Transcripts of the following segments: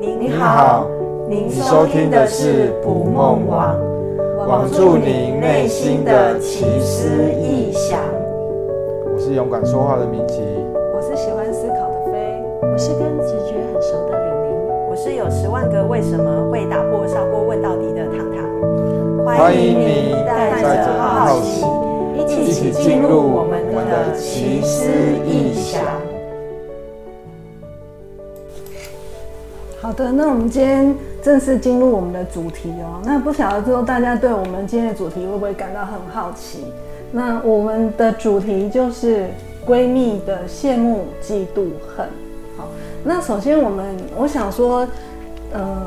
您好，您收好聽的是不夢王《捕夢網》，網住您內心的奇思異想。嗯、我是勇敢說話的明奇，我是喜歡思考的飛，嗯、我是跟直覺很熟的玲玲，嗯、我是有十萬個為什麼會打破砂鍋問到底的糖糖。歡迎，歡迎你帶着好奇，一起，起進入我們的奇思異想。好的，那我們今天正式進入我們的主題哦。那不曉得之後大家對我們今天的主題會不會感到很好奇？那我們的主題就是閨蜜的羨慕、嫉妒、恨。好，那首先我們我想說，呃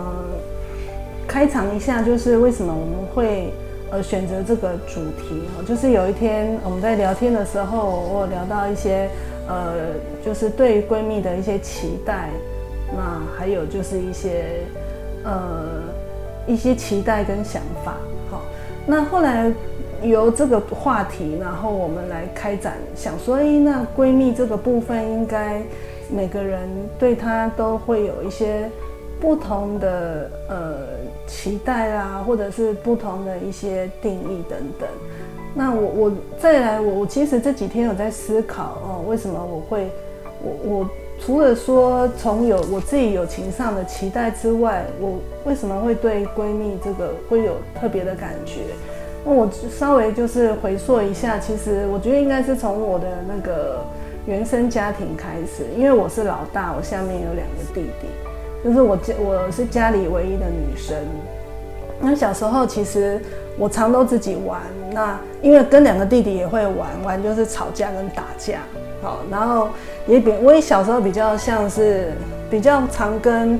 開場一下，就是為什麼我們會呃選擇這個主題哦？就是有一天我們在聊天的時候，我有聊到一些呃，就是對閨蜜的一些期待。那還有就是一些，呃，一些期待跟想法，好，哦。那後來由這個話題，然後我們來開展，想說，哎、欸，那閨蜜這個部分，應該每個人對她都會有一些不同的呃期待啊，或者是不同的一些定義等等。那我我再來，我其實這幾天有在思考哦，為什麼我會，我我，除了說從有我自己友情上的期待之外，我為什麼會對閨蜜這個會有特別的感覺？那我稍微就是回溯一下，其實我覺得應該是從我的那個原生家庭開始，因為我是老大，我下面有兩個弟弟，就是我家，我是家裡唯一的女生。那小時候其實我常都自己玩，那因為跟兩個弟弟也會玩，玩就是吵架跟打架。好，然後也比，我也小時候比較像是比較常跟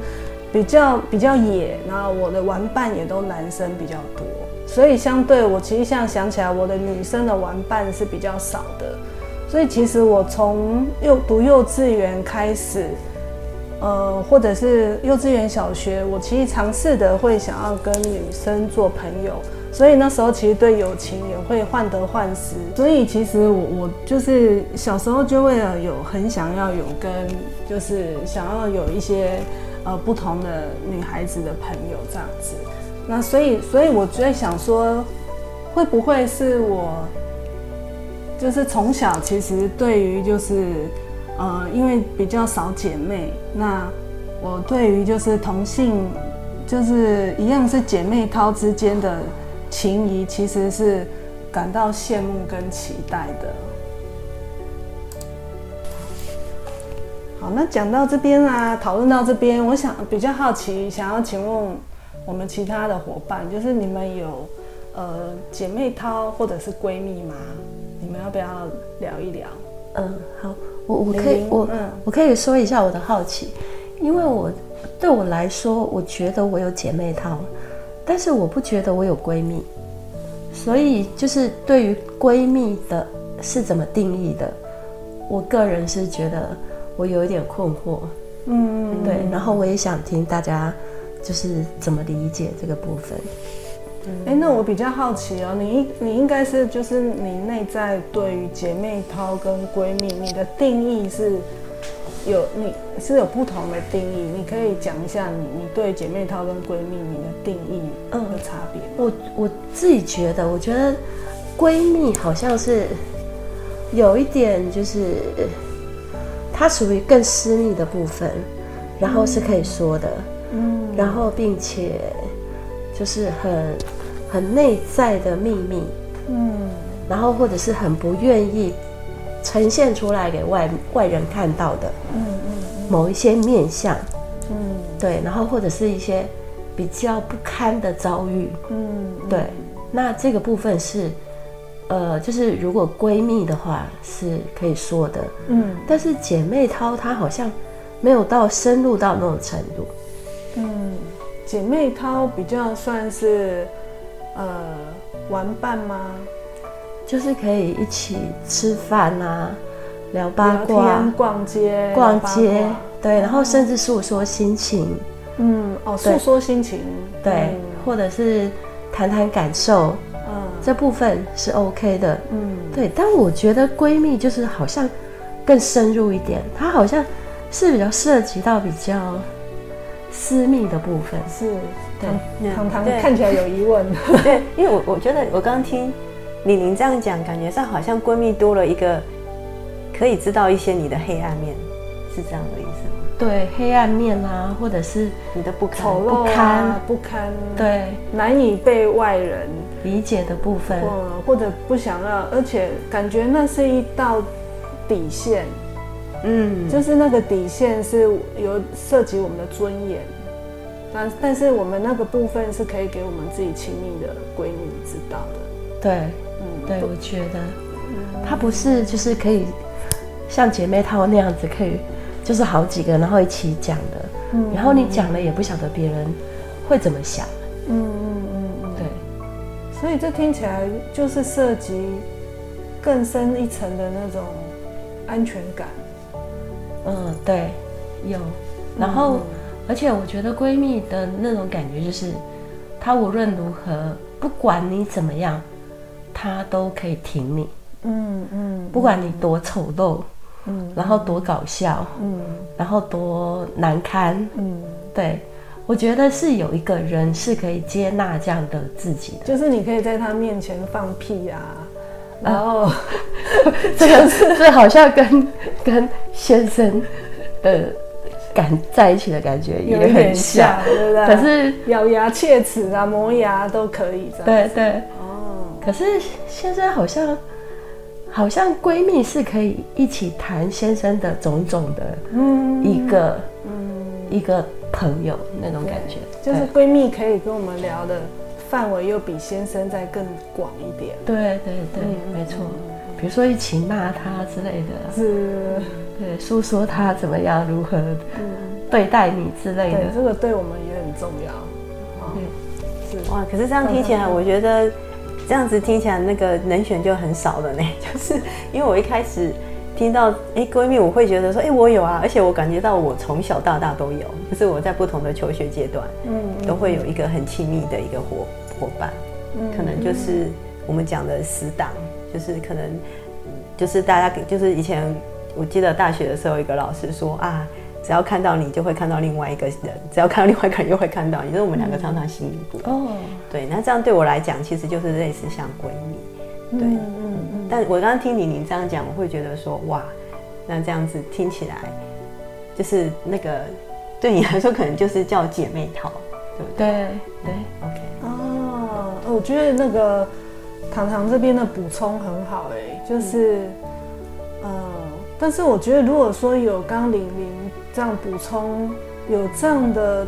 比較比較野，然後我的玩伴也都男生比較多，所以相對我其實現在想起來，我的女生的玩伴是比較少的，所以其實我從幼讀幼稚園開始，呃，或者是幼稚園小學，我其實嘗試的會想要跟女生做朋友。所以那時候其實對友情也會患得患失，所以其實我我就是小時候就為了有很想要有跟就是想要有一些呃不同的女孩子的朋友這樣子，那所以所以我最想說會不會是我就是從小其實對於就是呃因為比較少姐妹，那我對於就是同性就是一樣是姐妹淘之間的。情誼其實是感到羨慕跟期待的。好，那講到這邊啊，討論到這邊，我想比較好奇，想要請問我們其他的夥伴，就是你們有呃姐妹淘或者是閨蜜嗎？你們要不要聊一聊？嗯、呃，好，我我可以，我嗯，我可以說一下我的好奇，因為我對我來說，我覺得我有姐妹淘。但是我不覺得我有閨蜜，所以就是對於閨蜜的是怎麼定義的，我個人是覺得我有一點困惑，嗯，對，然後我也想聽大家就是怎麼理解這個部分。哎，嗯，欸，那我比較好奇哦，你你應該是就是你內在對於姐妹淘跟閨蜜你的定義是。有你是有不同的定義，你可以講一下你你對姐妹淘跟閨蜜你的定義和嗯的差別。我我自己覺得，我覺得閨蜜好像是有一點就是，她屬於更私密的部分，然後是可以說的嗯，然後並且就是很很內在的秘密嗯，然後或者是很不願意。呈現出來給外外人看到的，嗯嗯，某一些面相，嗯，嗯對，然後或者是一些比較不堪的遭遇，嗯，嗯對。那這個部分是，呃，就是如果閨蜜的話是可以說的，嗯，但是姐妹淘她好像沒有到深入到那種程度，嗯，姐妹淘比較算是呃玩伴嗎？就是可以一起吃飯啊，聊八卦、逛街、逛街，對，然後甚至訴說心情，嗯，哦，訴說心情，對，或者是談談感受，嗯，這部分是 OK 的，嗯，對。但我覺得閨蜜就是好像更深入一點，她好像是比較涉及到比較私密的部分，是，對，堂堂。看起來有疑問，對，因為我我覺得我剛聽。你你這樣講，感覺上好像閨蜜多了一個，可以知道一些你的黑暗面，是這樣的意思嗎？對，黑暗面啊，或者是你的不堪、啊、不堪、不堪，對，難以被外人理解的部分，或者不想讓，而且感覺那是一道底線，嗯，就是那個底線是有涉及我們的尊嚴，但但是我們那個部分是可以給我們自己親密的閨蜜知道的，對。對，我覺得，他不,不是就是可以像姐妹套那樣子，可以就是好幾個然後一起講的，嗯嗯嗯然後你講了也不曉得別人會怎麼想，嗯,嗯嗯嗯嗯，對，所以這聽起來就是涉及更深一層的那種安全感。嗯，對，有，然後嗯嗯而且我覺得閨蜜的那種感覺就是，她無論如何，不管你怎麼樣。他都可以挺你，嗯嗯，嗯不管你多醜陋，嗯、然後多搞笑，嗯、然後多難堪。嗯、對我覺得是有一個人是可以接納這樣的自己的，就是你可以在他面前放屁啊，呃、然後、 就是、這個是這好像跟跟先生的感在一起的感覺也很像，對不對？可是咬牙切齒啊，磨牙、啊、都可以，對對。可是先生好像，好像閨蜜是可以一起談先生的種種的嗯，嗯，一個，一個朋友那種感覺，對對就是閨蜜可以跟我們聊的範圍又比先生再更廣一點，對對對，沒錯。比如說一起罵他之類的，是，對，訴說他怎麼樣，如何對待你之類的、嗯，這個對我們也很重要。哦、對是哇，可是這樣聽起來，我覺得。這樣子聽起來，那個人選就很少了呢。就是因為我一開始聽到哎，閨蜜，我會覺得說哎，我有啊，而且我感覺到我從小到大都有，就是我在不同的求學階段，嗯，都會有一個很親密的一個夥夥伴，嗯，可能就是我們講的死黨，就是可能就是大家給就是以前我記得大學的時候，一個老師說啊。只要看到你，就會看到另外一個人；只要看到另外一個人，又會看到你。就是、嗯、我們兩個常常吸引不哦，對。那這樣對我來講，其實就是類似像閨蜜，嗯、對，嗯嗯，嗯，但我剛剛聽玲玲這樣講，我會覺得說哇，那這樣子聽起來就是那個對你來說，可能就是叫姐妹淘，對不對？對對、嗯，OK。哦、啊，我覺得那個糖糖這邊的補充很好、欸，哎，就是，嗯、呃，但是我覺得如果說有剛，剛玲玲。這樣補充有這樣的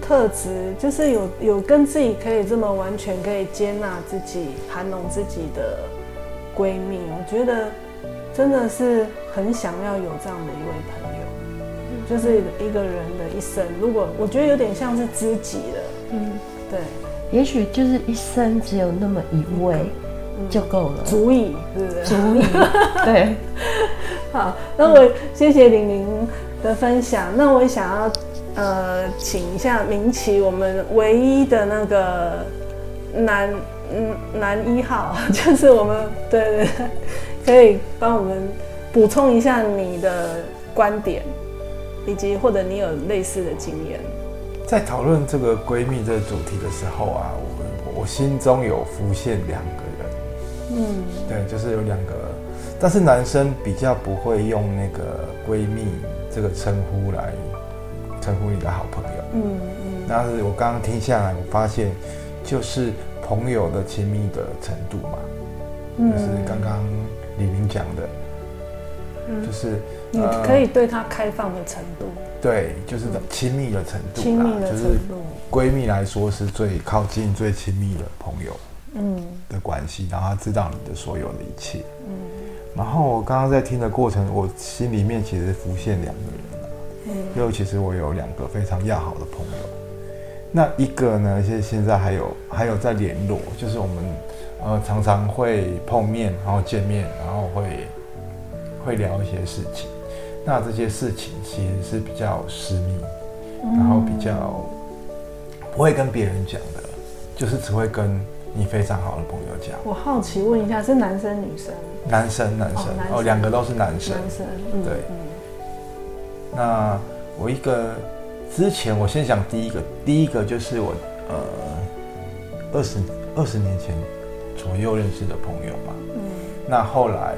特質，就是有有跟自己可以這麼完全可以接納自己、涵容自己的閨蜜，我覺得真的是很想要有這樣的一位朋友。嗯、就是一個人的一生，如果我覺得有點像是知己了，嗯，對，也許就是一生只有那麼一位就夠了，足矣、嗯，是對足矣。義 對，好，那我謝謝玲玲。嗯的分享，那我想要呃、請一下明奇，我們唯一的那個男嗯、男一號，就是我們對對對，可以幫我們補充一下你的觀點，以及或者你有類似的經驗。在討論這個閨蜜這個主題的時候啊，我我心中有浮現兩個人，嗯，對，就是有兩個，但是男生比較不會用那個閨蜜。這個稱呼來稱呼你的好朋友，嗯嗯，但是、嗯、我剛剛聽下來，我發現就是朋友的親密的程度嘛，嗯、就是剛剛李明講的，嗯、就是你可以對他開放的程度，呃、對，就是親密的程度啦，親密的程度，閨蜜來說是最靠近、最親密的朋友，嗯，的關係，嗯、然後他知道你的所有的一切，嗯。然後我剛剛在聽的過程，我心裡面其實浮現兩個人因為、嗯、其實我有兩個非常要好的朋友，那一個呢，現現在還有還有在聯絡，就是我們呃常常會碰面，然後見面，然後會、嗯、會聊一些事情，那這些事情其實是比較私密，嗯、然後比較不會跟別人講的，就是只會跟你非常好的朋友講，我好奇問一下，是男生女生？男生。男生，哦、男生哦，兩個都是男生。男生，對。嗯嗯、那我一個之前，我先講第一個，第一個就是我呃二十二十年前左右認識的朋友嘛。嗯。那後來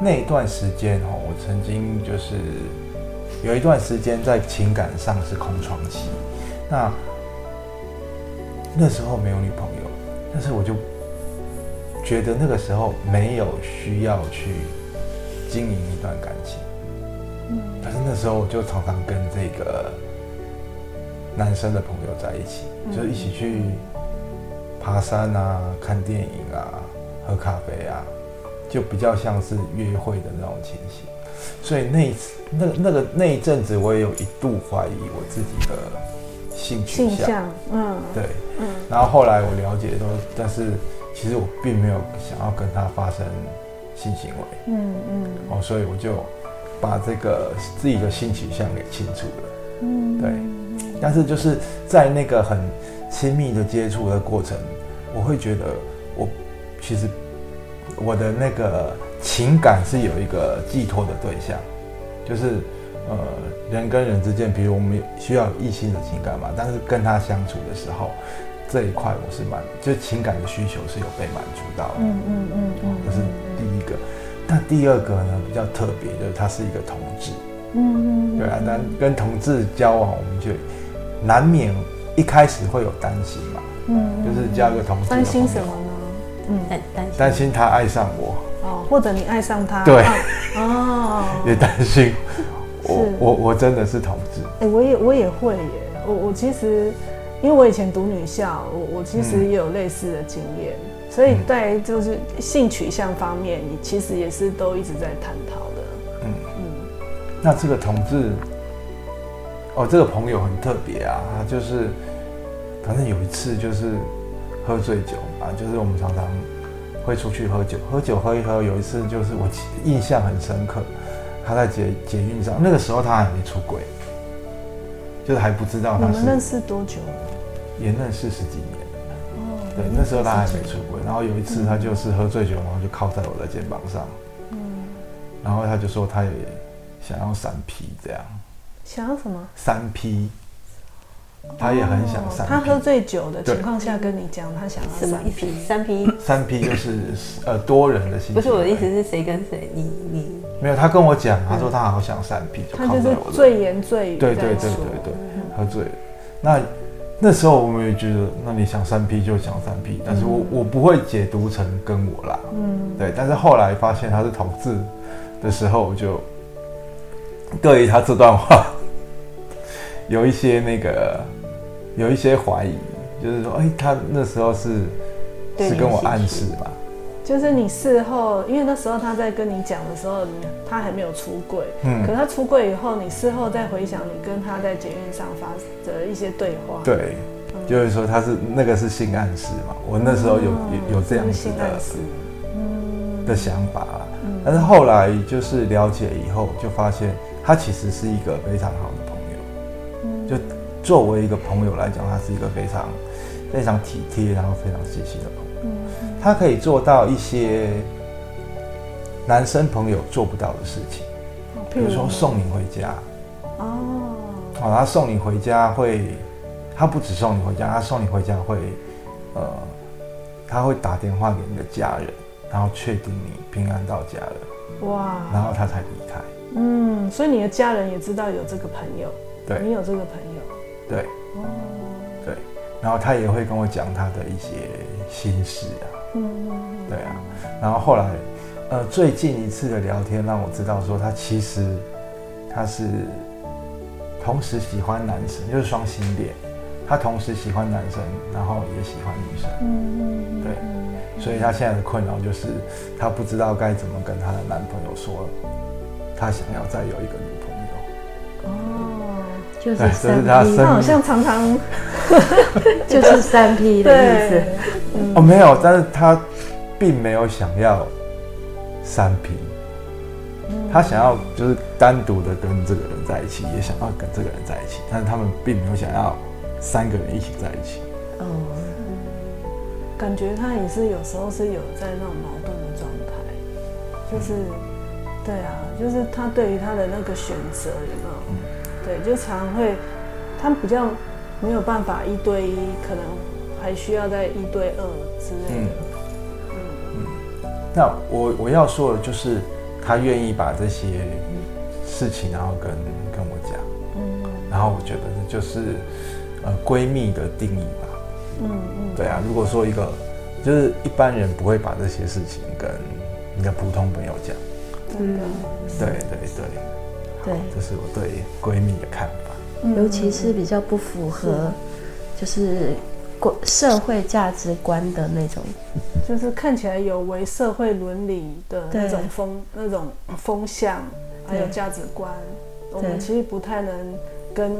那一段時間哦，我曾經就是有一段時間在情感上是空窗期，那那時候沒有女朋友。但是我就覺得那個時候沒有需要去經營一段感情，嗯，但是那時候我就常常跟這個男生的朋友在一起，就一起去爬山啊、看電影啊、喝咖啡啊，就比較像是約會的那種情形。所以那一次那那個、那個、那一陣子，我也有一度懷疑我自己的性取向，嗯，對，嗯，對嗯，然後後來我了解說，但是其實我並沒有想要跟他發生性行為，嗯嗯，嗯哦，所以我就把這個自己的性取向給清楚了，嗯，對，但是就是在那個很親密的接觸的過程，我會覺得我其實我的那個情感是有一個寄託的對象，就是。呃，人跟人之間，比如我們需要異性的情感嘛，但是跟他相處的時候，這一塊我是滿，就情感的需求是有被滿足到的。嗯嗯嗯，這、嗯嗯嗯、是第一個。嗯嗯嗯、但第二個呢，比較特別的，就是、他是一個同志。嗯嗯。嗯嗯對啊，但跟同志交往，我們就難免一開始會有擔心嘛。嗯，嗯就是交個同志。擔心什麼呢？嗯，擔心。擔心他愛上我。哦，或者你愛上他。對。哦。也擔心。我是我，我真的是同志。哎，欸，我也我也會耶。我我其實，因為我以前讀女校，我我其實也有類似的經驗，嗯、所以在就是性取向方面，你其實也是都一直在探討的。嗯嗯。嗯那這個同志，哦，這個朋友很特別啊。他就是，反正有一次就是喝醉酒嘛，就是我們常常會出去喝酒，喝酒喝一喝。有一次就是我印象很深刻。他在捷捷運上，那個時候他還沒出軌，就是還不知道他是。你們認識多久了？也認識十幾年。哦，對，那時候他還沒出軌。然後有一次他就是喝醉酒，然後就靠在我的肩膀上，嗯，然後他就說他也想要三 P 這樣。想要什麼？三 P。他也很想三 P。他喝醉酒的情況下跟你講，他想什麼三 P，三 P，就是呃多人的性，不是我的意思是誰跟誰你你沒有他跟我講，他說他好想三 P，他就是醉言醉語，對對對對對，喝醉。那那時候我們也覺得，那你想三 P 就想三 P。但是我我不會解讀成跟我啦，嗯，對。但是後來發現他是同志的時候，我就對於他這段話有一些那個。有一些懷疑，就是說，哎、欸，他那時候是對是跟我暗示吧？就是你事後，因為那時候他在跟你講的時候，他還沒有出櫃。嗯。可他出櫃以後，你事後再回想，你跟他在檢驗上發的一些對話。對。嗯、就是說，他是那個是性暗示嘛？我那時候有、嗯、有這樣子的、嗯、的想法啦、嗯、但是後來就是了解以後，就發現他其實是一個非常好的朋友。嗯、就。作為一個朋友來講，他是一個非常非常體貼，然後非常細心的朋友。他可以做到一些男生朋友做不到的事情，比如說送你回家。哦，好，他送你回家會，他不只送你回家，他送你回家會，他會打電話給你的家人，然後確定你平安到家了。哇，然後他才離開。嗯，所以你的家人也知道有這個朋友，對，你有這個朋友。對，對，然後他也會跟我講他的一些心事啊，對啊，然後後來，呃，最近一次的聊天讓我知道說，他其實他是同時喜歡男生，就是雙性戀，他同時喜歡男生，然後也喜歡女生，對，所以他現在的困擾就是他不知道該怎麼跟他的男朋友說了，他想要再有一個女朋友。就是，對就是他 P，好像常常 就是三 P 的意思對。嗯、哦，沒有，但是他並沒有想要三 P、嗯、他想要就是單獨的跟這個人在一起，嗯、也想要跟這個人在一起，但是他們並沒有想要三個人一起在一起。嗯嗯、感覺他也是有時候是有在那種矛盾的狀態，就是、嗯、對啊，就是他對於他的那個選擇有那種對，就常會，他比較沒有辦法一對一，可能還需要再一對二之類的。嗯嗯。嗯，那我我要說的就是，他願意把這些事情，然後跟跟我講。嗯。然後我覺得就是，呃，閨蜜的定義吧。嗯嗯。嗯，對啊，如果說一個就是一般人不會把這些事情跟你的普通朋友講。真的、嗯。對對對。對，這是我對閨蜜的看法，嗯、尤其是比較不符合，就是，過社會價值觀的那種，就是看起來有違社會倫理的那種風對那種風向，還有價值觀，對我們其實不太能跟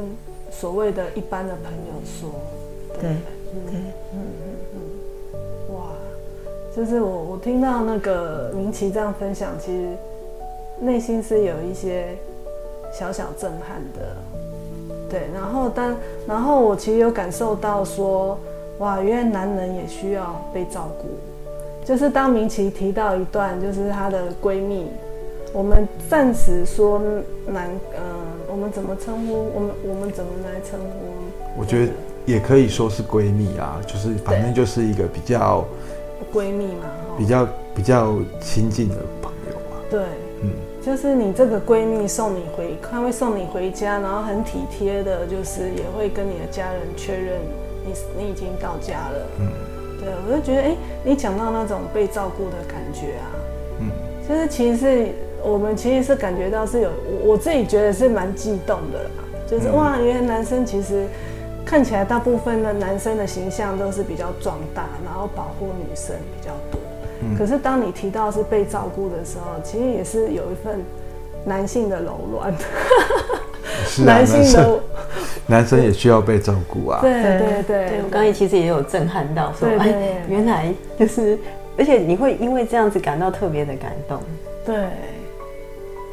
所謂的一般的朋友說。對，對，對嗯，嗯，嗯，嗯哇，就是我我聽到那個明琦這樣分享，其實內心是有一些小小震撼的，對，然後但然後我其實有感受到說，哇，原來男人也需要被照顧。就是當明其提到一段，就是她的閨蜜，我們暫時說男，嗯、呃，我們怎麼稱呼？我們我們怎麼來稱呼？我覺得也可以說是閨蜜啊，就是反正就是一個比較對閨蜜嘛，哦、比較比較親近的朋友嘛，對。就是你這個閨蜜送你回，他會送你回家，然後很體貼的，就是也會跟你的家人確認你你已經到家了。嗯、對，我就覺得，哎、欸，你講到那種被照顧的感覺啊，其、嗯、就是其實我們其實是感覺到是有，我自己覺得是蠻激動的啦。就是、嗯、哇，原來男生其實看起來大部分的男生的形象都是比較壯大，然後保護女生比較多。嗯、可是當你提到是被照顧的時候，其實也是有一份男性的柔軟，男性的男生也需要被照顧啊。對對對，對，對，我剛才其實也有震撼到說，說對，哎，原來就是，而且你會因為這樣子感到特別的感動。對，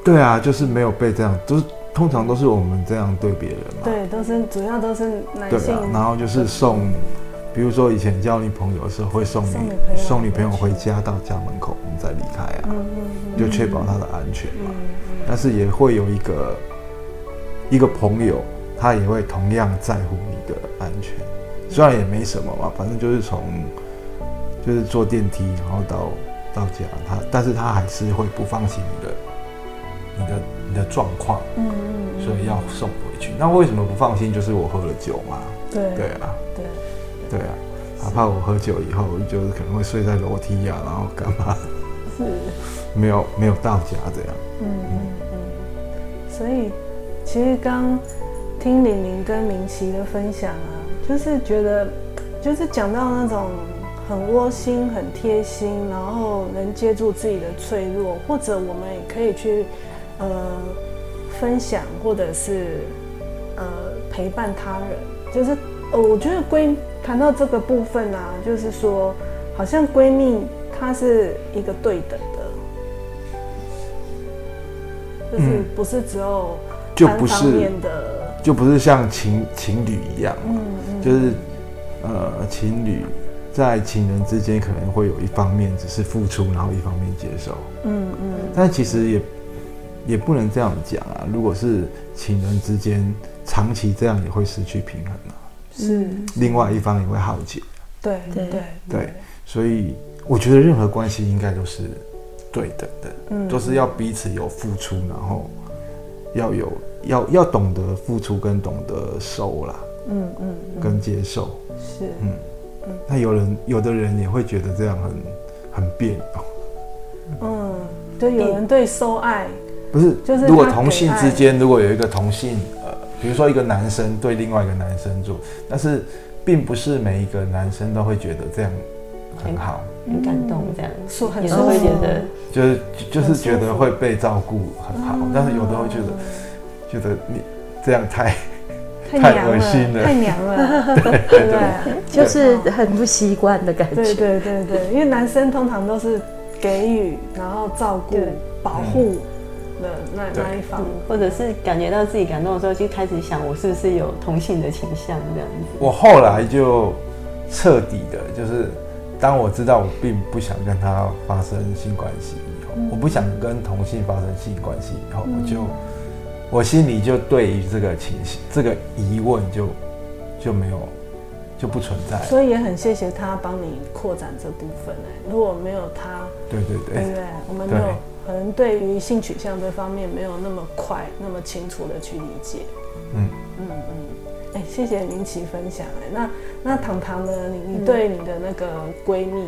對啊，就是沒有被這樣，就是通常都是我們這樣對別人嘛。對，都是主要都是男性，對啊，然後就是送。比如說，以前交女朋友的時候，會送你送女朋友回家到家門口，你再離開啊，就確保她的安全嘛。但是也會有一個一個朋友，他也會同樣在乎你的安全，雖然也沒什麼嘛，反正就是從就是坐電梯，然後到到家，他但是他還是會不放心你的你的你的狀況，嗯，所以要送回去。那為什麼不放心？就是我喝了酒嘛，對對啊，對。對啊，哪怕我喝酒以後，是就是可能會睡在樓梯啊，然後幹嘛，是沒，沒有沒有到家這樣。嗯嗯嗯，嗯所以其實剛聽玲玲跟明琪的分享啊，就是覺得，就是講到那種很窩心、很貼心，然後能接住自己的脆弱，或者我們也可以去呃分享，或者是呃陪伴他人，就是哦、呃，我覺得歸。談到這個部分啊，就是說，好像閨蜜她是一個對等的，就是不是只有、嗯、就不是方面的，就不是像情情侶一樣，嗯嗯、就是呃情侶在情人之間可能會有一方面只是付出，然後一方面接受，嗯嗯，嗯但其實也也不能這樣講啊。如果是情人之間長期這樣，也會失去平衡啊。是，是另外一方也會耗竭。對對對，對，所以我覺得任何關係應該都是對等的，嗯、都是要彼此有付出，然後要有要要懂得付出跟懂得收啦。嗯嗯，嗯嗯跟接受是。嗯，嗯，嗯那有人有的人也會覺得這樣很很彆扭。嗯，對，有人對收愛對不是，就是如果同性之間如果有一個同性。比如說，一個男生對另外一個男生做，但是並不是每一個男生都會覺得這樣很好，很、嗯嗯、感動這樣，說很多、哦，一點的，就是就是覺得會被照顧很好，哦、但是有的時候覺得覺得你這樣太太娘了，太噁心了太娘了， 對對對，就是很不習慣的感覺， 對對對對，因為男生通常都是給予，然後照顧、對保護護。嗯的那，對那一方、嗯、或者是感覺到自己感動的時候，就開始想，我是不是有同性的傾向這樣子。我後來就徹底的，就是當我知道我並不想跟他發生性關係以後，嗯、我不想跟同性發生性關係以後，嗯、我就我心裡就對於這個情形，這個疑問就就沒有就不存在。所以也很謝謝他幫你擴展這部分、欸、如果沒有他，對對對，對，對，對，我們沒有。可能對於性取向這方面沒有那麼快，那麼清楚地去理解。嗯嗯嗯。哎，嗯嗯欸，謝謝林奇分享。那那糖糖呢？你你對你的那個閨蜜，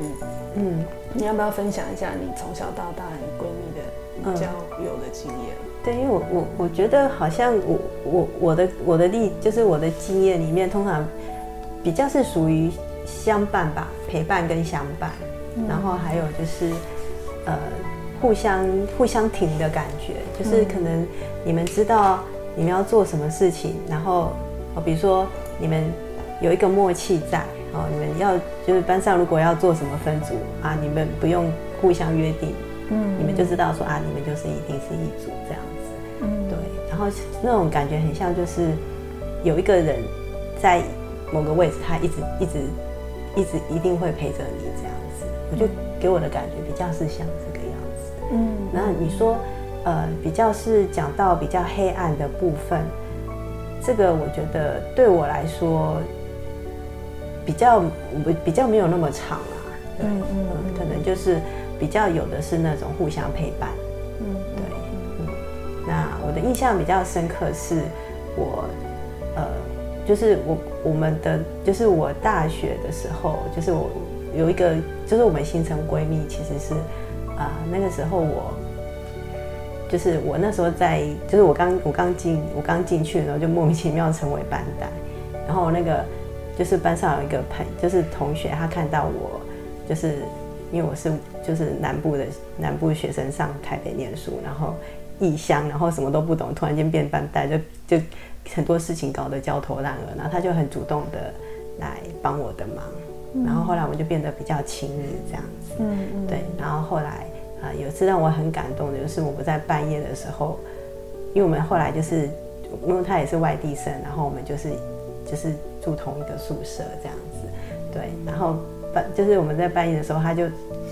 嗯，你要不要分享一下你從小到大你閨蜜的比較有的經驗？嗯、對，因為我我我覺得好像我我我的我的例就是我的經驗裡面，通常比較是屬於相伴吧，陪伴跟相伴。嗯、然後還有就是呃。互相互相挺的感覺，就是可能你們知道你們要做什麼事情，嗯、然後哦，比如說你們有一個默契在哦，你們要就是班上如果要做什麼分組啊，你們不用互相約定，嗯，嗯，你們就知道說啊，你們就是一定是一組這樣子，嗯，對，然後那種感覺很像就是有一個人在某個位置，他一直一直一直一定會陪着你這樣子，我就給我的感覺比較是像。嗯，那你說，呃，比較是講到比較黑暗的部分，這個我覺得對我來說，比較我比較沒有那麼長啊，對，嗯，嗯，嗯，可能就是比較有的是那種互相陪伴，嗯，對，嗯，那我的印象比較深刻是，我，呃，就是我我們的就是我大學的時候，就是我有一個就是我們形成閨蜜其實是。啊，uh, 那個時候我，就是我那時候在，就是我剛我剛進我剛進去的時候，就莫名其妙成為班代，然後那個就是班上有一個朋就是同學，他看到我，就是因為我是就是南部的南部學生上台北念書，然後異鄉，然後什麼都不懂，突然間變班代，就就很多事情搞得焦頭爛額，然後他就很主動的來幫我的忙。然後後來我們就變得比較親密這樣子，嗯，嗯，對。然後後來啊、呃，有一次讓我很感動的，就是我們在半夜的時候，因為我們後來就是，因為他也是外地生，然後我們就是就是住同一個宿舍這樣子，對。然後半就是我們在半夜的時候，他就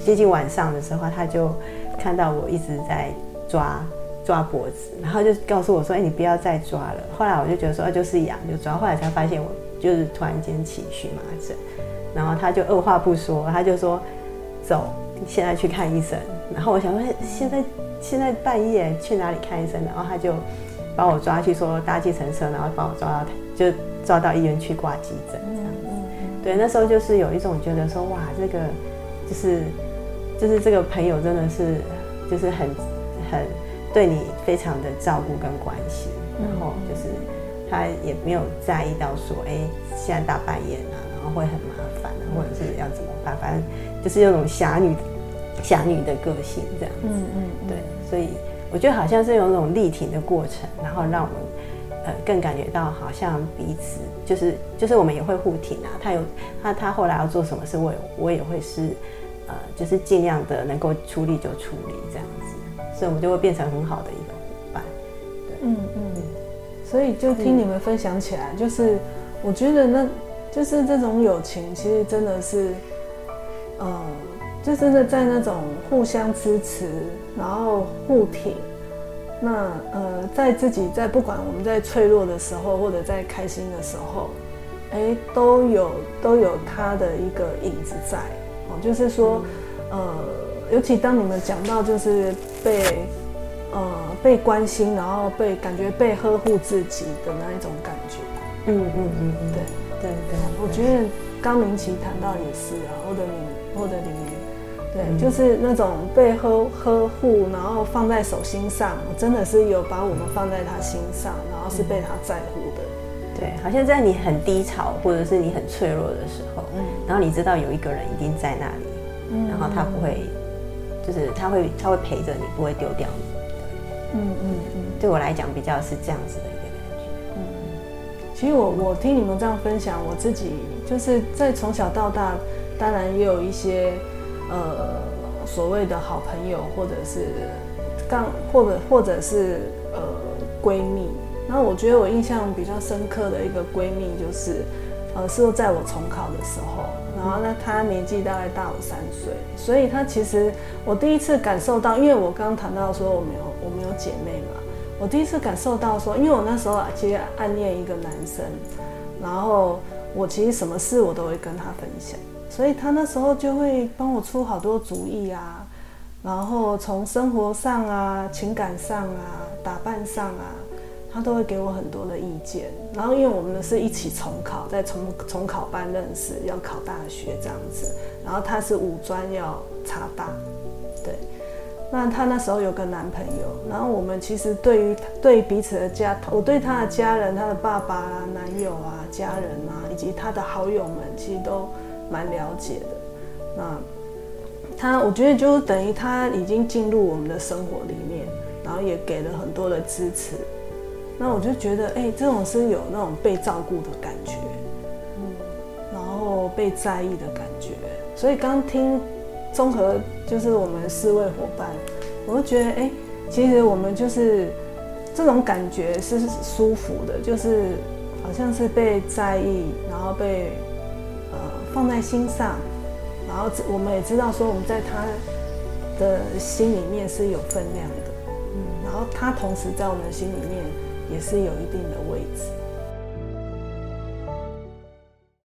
接近晚上的時候，他就看到我一直在抓抓脖子，然後就告訴我說：“哎、欸，你不要再抓了。”後來我就覺得說、啊、就是癢就抓，後來才發現我就是突然間起蕁麻疹。然後他就二話不說，他就說：“走，現在去看醫生。”然後我想問：“現在現在半夜去哪裡看醫生？”然後他就把我抓去說搭計程車，然後把我抓到就抓到醫院去掛急診這樣子。對，那時候就是有一種覺得說：“哇，這個就是就是這個朋友真的是就是很很對你非常的照顧跟關心，然後就是他也沒有在意到說：‘哎，現在大半夜啊。’”然後會很麻煩，或者是要怎麼辦？反正就是有種俠女，俠女的個性這樣子。嗯嗯，嗯嗯對，所以我覺得好像是有一種力挺的過程，然後讓我們呃更感覺到好像彼此就是就是我們也會互挺啊。他有他他後來要做什麼事我也，我我也會是呃就是盡量的能夠出力就出力這樣子，所以我們就會變成很好的一個夥伴。對嗯嗯，所以就聽你們分享起來，嗯、就是我覺得那。就是這種友情，其實真的是，呃，就真的在那種互相支持，然後互挺。那呃，在自己在不管我們在脆弱的時候，或者在開心的時候，哎、欸，都有都有他的一個影子在。哦、呃，就是說，呃，尤其當你們講到就是被呃被關心，然後被感覺被呵護自己的那一種感覺。嗯嗯嗯嗯，對。對，對對對，我覺得剛明奇談到你是啊，或者你或者你，對，嗯、就是那種被呵呵護，然後放在手心上，真的是有把我們放在他心上，嗯、然後是被他在乎的。對，好像在你很低潮或者是你很脆弱的時候，嗯，然後你知道有一個人一定在那裡，嗯，然後他不會，就是他會，他會陪着你，不會丟掉你。對，嗯嗯嗯對，對我來講比較是這樣子的。其實我我聽你們這樣分享，我自己就是在從小到大，當然也有一些，呃，所謂的好朋友或或，或者是剛，或者或者是呃閨蜜。那我覺得我印象比較深刻的一個閨蜜，就是呃，是在我重考的時候，然後呢，她年紀大概大我三歲，所以她其實我第一次感受到，因為我剛談到說我沒有我沒有姐妹嘛。我第一次感受到說，因為我那時候其實暗戀一個男生，然後我其實什麼事我都會跟他分享，所以他那時候就會幫我出好多主意啊，然後從生活上啊、情感上啊、打扮上啊，他都會給我很多的意見。然後因為我們是一起重考，在重重考班認識，要考大學這樣子。然後他是五專要插大，對。那她那時候有個男朋友，然後我們其實對於對彼此的家，我對她的家人、她的爸爸啊、男友啊、家人啊，以及她的好友們，其實都蠻了解的。那他我覺得就等於他已經進入我們的生活裡面，然後也給了很多的支持。那我就覺得，哎、欸，這種是有那種被照顧的感覺，嗯，然後被在意的感覺。所以剛聽。綜合就是我們四位夥伴，我就覺得，哎、欸，其實我們就是這種感覺是舒服的，就是好像是被在意，然後被、呃、放在心上，然後我們也知道說我們在他的心裡面是有分量的，嗯，然後他同時在我們的心裡面也是有一定的。